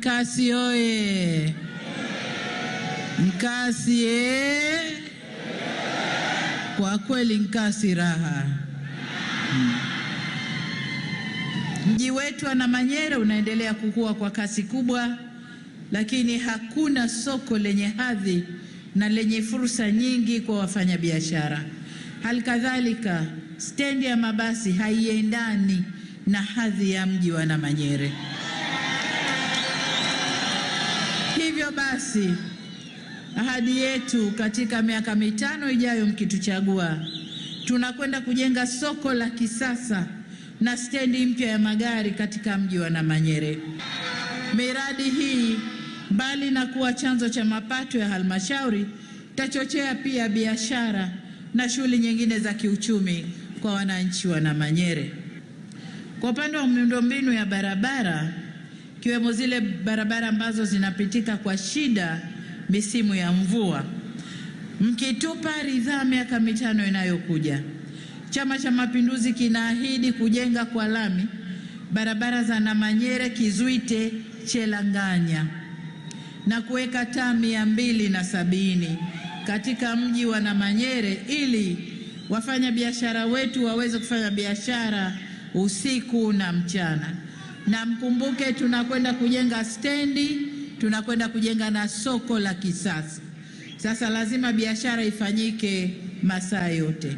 Mkasi oye! Mkasi ye! Kwa kweli mkasi raha. Mji wetu wa Namanyere unaendelea kukua kwa kasi kubwa, lakini hakuna soko lenye hadhi na lenye fursa nyingi kwa wafanyabiashara. Hali kadhalika stendi ya mabasi haiendani na hadhi ya mji wa Namanyere. basi ahadi yetu katika miaka mitano ijayo, mkituchagua, tunakwenda kujenga soko la kisasa na stendi mpya ya magari katika mji wa Namanyere. Miradi hii mbali na kuwa chanzo cha mapato ya halmashauri, tachochea pia biashara na shughuli nyingine za kiuchumi kwa wananchi wa Namanyere. Kwa upande wa miundombinu ya barabara ikiwemo zile barabara ambazo zinapitika kwa shida misimu ya mvua. Mkitupa ridhaa, miaka mitano inayokuja, Chama cha Mapinduzi kinaahidi kujenga kwa lami barabara za Namanyere, Kizwite, Chelanganya na kuweka taa mia mbili na sabini katika mji wa Namanyere ili wafanya biashara wetu waweze kufanya biashara usiku na mchana na mkumbuke, tunakwenda kujenga stendi, tunakwenda kujenga na soko la kisasa. Sasa lazima biashara ifanyike masaa yote.